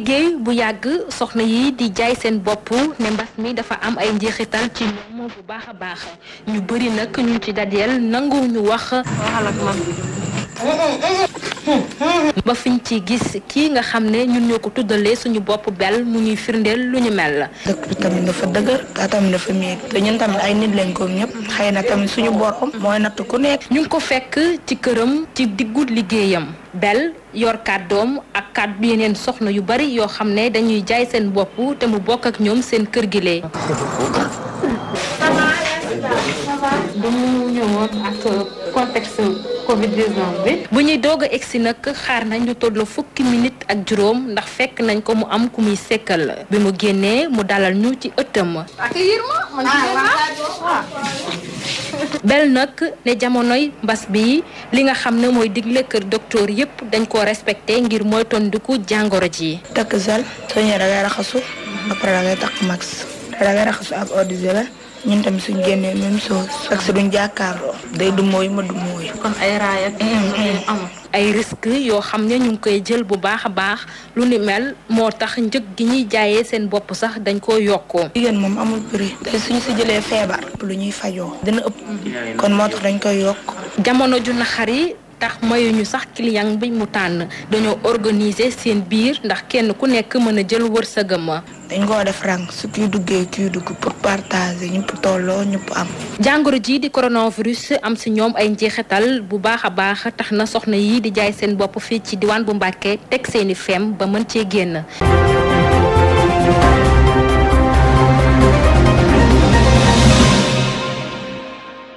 liggéey bu yàgg soxna yi di jaay seen bopp ne mbas mi dafa am ay njeexital ci ñoom bu baax a baax ñu bëri nag ñu ci dajeel nangu ñu wax. waxal ak ba fiñ ci gis kii nga xam ne ñun ñoo ko tuddalee suñu bopp bel mu ñuy firndeel lu ñu mel. la bi tamit dafa dëgër kaa dafa miir te ñun tamit ay nit lañ ko ñëpp xëy na tamit suñu borom mooy natt ku nekk. ñu ngi ko fekk ci këram ci diggu liggéeyam bel yor doom ak kàddu yeneen soxna yu bari yoo xam ne dañuy jaay seen bopp te mu bokk ak ñoom seen kër gi lee. Covid 19 bu ñuy doog a egsi nag xaar nañ lu toll fukki minute ak juróom ndax fekk nañ ko mu am ku muy sekkal bi mu génnee mu dalal ñu ci ëttam. Ah, ah. bel nag ne jamonoy mbas bi li nga xam ne mooy digle kër docteur yépp dañ koo respecté ngir moytandiku jàngoro ji. takk sel soo ñëwee raxasu. après da ngay suñ génnee même chose. parce que duñ jàkkaarloo. day du mooyu ma du mooyu kon ay raay ay risque yoo xam ne ñu ngi koy jël bu baax a baax lu ni mel moo tax njëg gi ñuy jaayee seen bopp sax dañ ko yokkoo jigéen moom amul prix te suñu si jëlee feebar lu ñuy fajoo dina ëpp mm-hmm. kon moo tax dañ koy yokk jamono ju naxar tax mayuñu sax client bi mu tànn dañoo organiser seen biir ndax kenn ku nekk mën a jël wërsëgam. dañ koo def rang su kiy duggee kiy dugg pour partager ñëpp tolloo ñëpp am. jàngoro jii di coronavirus am ci ñoom ay njeexital bu baax a baax tax na soxna yi di jaay seen bopp fii ci diwaan bu Mbàkke teg seeni fem ba mën cee génn.